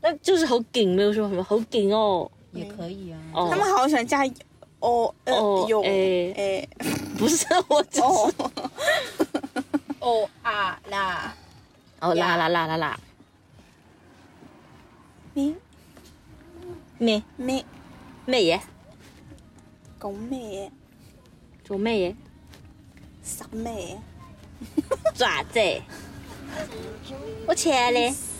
但就是好勁，沒有說什麼好勁哦，也可以啊。他們好喜歡加哦。L A，不是我講哦。啊，L，哦啦啦啦啦啦，明明明咩嘢？講咩嘢？做咩嘢？啥咩？爪子？我錢呢？